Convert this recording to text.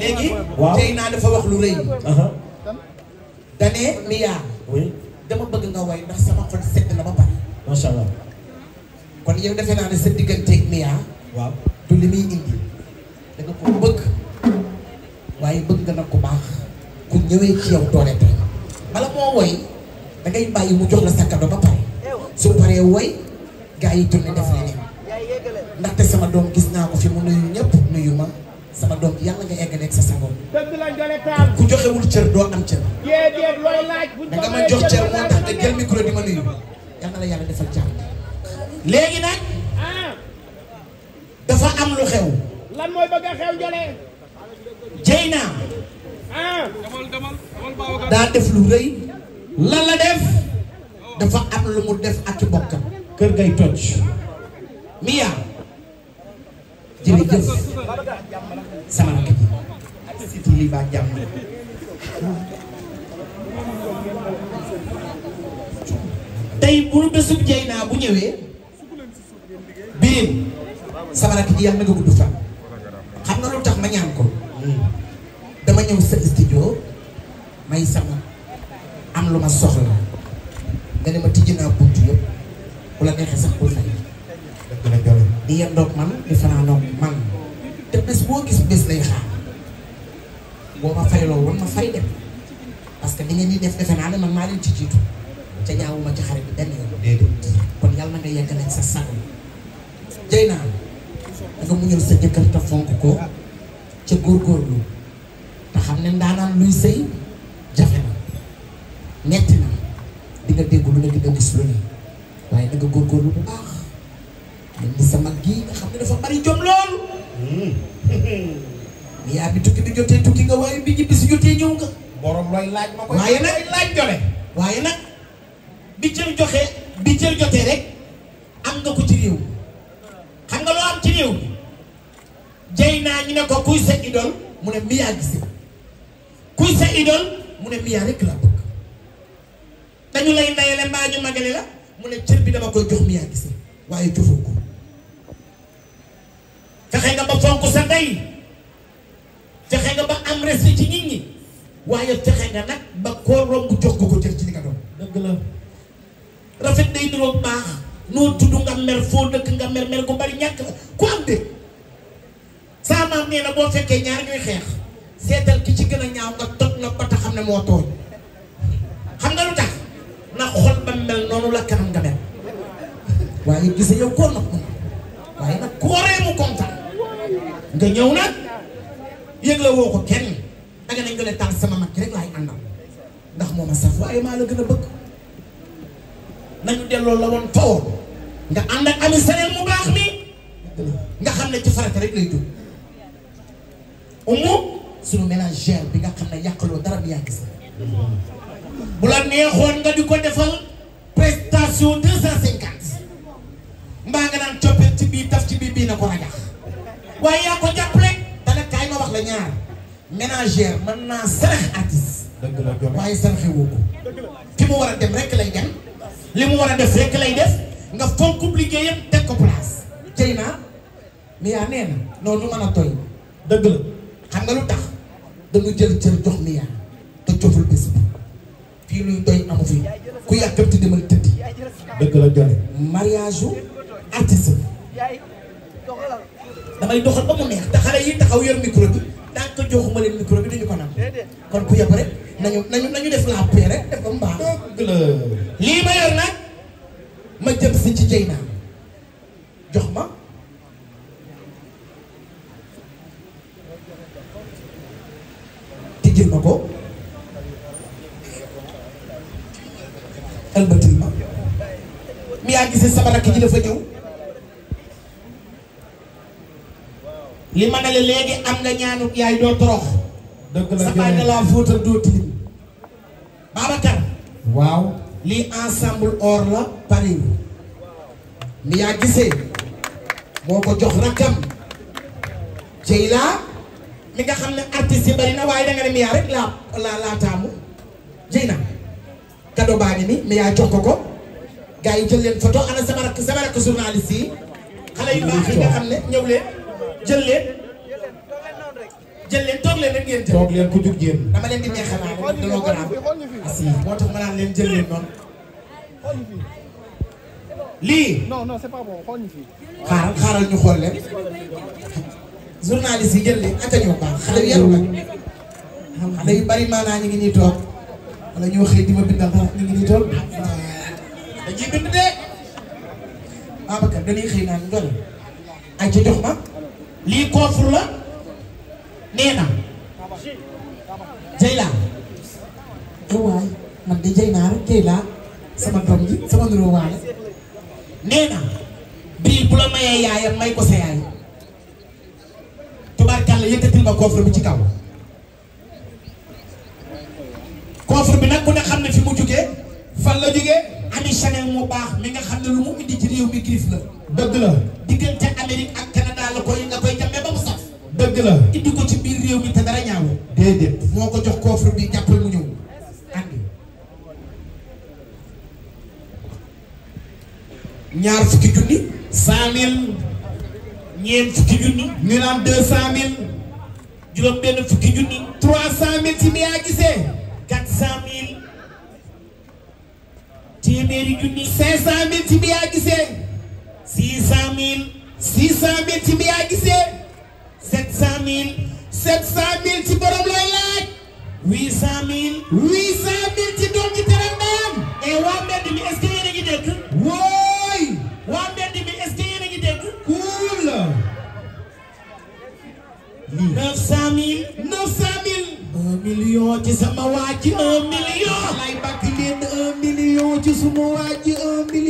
léegi. waaw tey naa dafa wax lu rëy. dane miyaa. oui dama bëgg nga way ndax sama xol sedd na ba pare. macha allah. kon yow defe naa ne sa digganteeg miyaa. du li muy indi. da nga bëgg. waaye bëgg nga nag ku baax. ku ñëwee ci yow doole tey. bala moo woy da bàyyi mu jox la sa kado ba pare. su paree woy gaa yi tourné def leneen. ndaxte sama doom Jeyna ah. daa def lu rëy lan la def dafa am lu mu def ak bokkam kër gay toj Mia jërëjëf sama rakk ji tey bu bésub Jeyna bu ñëwee biin sama rakk ji yàlla na nga gudd fan ñaan ko dama ñëw sa studio may sama am lu ma soxla nga ne ma tijji naa bunt yëpp bu la neexee sax bul fay di yendoog di fanaanoog man gis bés boo ma fayloo woon ma parce que li ngeen def defe naa ne man maa leen ci jiitu ca ñaawuma ci xarit bi benn yoon kon yàlla na nga yegg leen sa sago jëy naa nga muñal sa jëkkër fonk ko ca góorgóorlu te xam ne ndaanaan luy sëy jafe na metti na di nga dégg lu ne di nga gis lu ne waaye da nga góor bu baax même sama sa mag gi nga xam ne dafa bari jom lool hmm. yaa bi tukki bi jotee tukki nga waaye bi ñibbi si jotee ñëw nga borom looy laaj ma koy waaye nag laaj jole waaye nag bi cër joxe bi cër jotee rek am nga ko ci réew xam nga loo am ci réew jëy naa ñu ne ko kuy sa idole mu ne Mia Guissé kuy sa idole mu ne Mia rek la bëgg dañu lay ndayale mbaa ñu magale la mu ne cër bi dama koy jox Mia Guissé waaye jofoo ko fexe nga ba fonk sa ndey fexe nga ba am respect ci nit ñi waaye fexe nga nag ba koo romb jox ko ko cër ci li nga rafet day niroog baax noo tudd nga mer foo dëkk nga mer mer ko bari ñàkk nee na boo fekkee ñaar ñuy xeex seetal ki ci gën a ñaaw nga toj nga ba tax xam ne moo tooñ xam nga lu tax na xol ba mel noonu la kanam nga mel waaye gise yow koo nopp mun waaye nag kooree mu kontaan nga ñëw nag yëg woo ko kenn danga nañ gën taal sama mag rek laay àndal ndax moom a saf waaye maa la gën a bëgg nañu delloo la woon fawoo nga ànd ak ami sareel mu baax mi nga xam ne ci farata rek lay dugg umu suñu mélangère bi nga xam ne yàqaloo dara bi yaa gis bu la neexoon nga di ko defal prestation deux cent cinquante mbaa nga naan coppet ci bii taf ci bii bii na ko rajax waaye yaa ko jàpp rek kaay ma wax la ñaar mélangère man naa sarax artiste waaye saraxe woo ko fi mu war a dem rek lay dem li mu war a def rek lay def nga fonk liggéeyam teg ko place jëy naa mais yaa nee na noonu lu mën a toy xam nga lu tax dañu jël cër jox miyaa te coful bés bi fii luy doy amu fi ku yàkkamti demal tëddi dëgg la jone mariage u damay doxal ba mu neex te yi taxaw yor micro bi tant joxuma leen micro bi ko nam kon ku yab rek nañu nañu def la paix rek def ko mbaax dëgg lii ma yor nag ma jëm si ci Dieyna jox ma ëlbatil ma mi yaa gisee sama rakk ji dafa ñëw li ma ne la léegi am nga ñaanu yaay doo torox dëgg la laa fóotal doo tilim Babacar waaw lii ensemble or la Paris mi yaa gisee moo ko jox rakkam Jeyla mi nga xam ne artiste yi bari na waaye danga ne mi yaa rek laa laa laa taamu Jeyna kado baa ngi ni mais yaa jox ko ko gars yi jël leen photo ana sama rakk sama rakk journaliste yi xale yu xam ne ñëw leen jël leen jël leen toog leen rek ngeen jël toog leen ku jug jéem dama leen di neexal naa ne danoo garaam asi moo tax ma naan leen jël leen noonu lii non non c'est xaaral xaaral ñu xool leen journaliste yi jël leen ak a ñëw baax xale yu yaru xale yu bari maanaa ñu ngi ñuy toog wala xëy di ma ngi nii tool dañuy bind de Babacar dañuy xëy naan ci jox ma lii coffre la nee na Dieyla waay man de Dieyla rek Dieyla sama doom ji sama nuroo waale nee na bii bu la mayee yaayam may ko sa yaay tubaarkàlla yëkkatil ma coffre bi ci kaw offre bi nag ku ne xam ne fi mu jugee fan la jugee Ami Chanel mu baax mi nga xam ne lu mu indi ci réew mi griffe la dëgg la diggante Amérique ak Canada la koy nga koy jàmmee ba mu saf dëgg la indi ko ci biir réew mi te dara ñaawu déedéet moo ko jox coffre bi jàppal mu ñaar fukki junni cent mille ñeent fukki juróom benn fukki junni trois cent mille ci mi yaa gisee téeméeri junni cinq cent mille ci bi yaa gisee six cent mille six ci bi yaa gisee cent mille sept cent mille ci borom looy laaj ci doom ji teral naam et waa mbedd mi est-ce que yéen a wooy waa mbedd mi est-ce que yéen a ngi dégg cool neuf cent mille neuf cent mille un million ci sama waa ci un million suma waa ji un million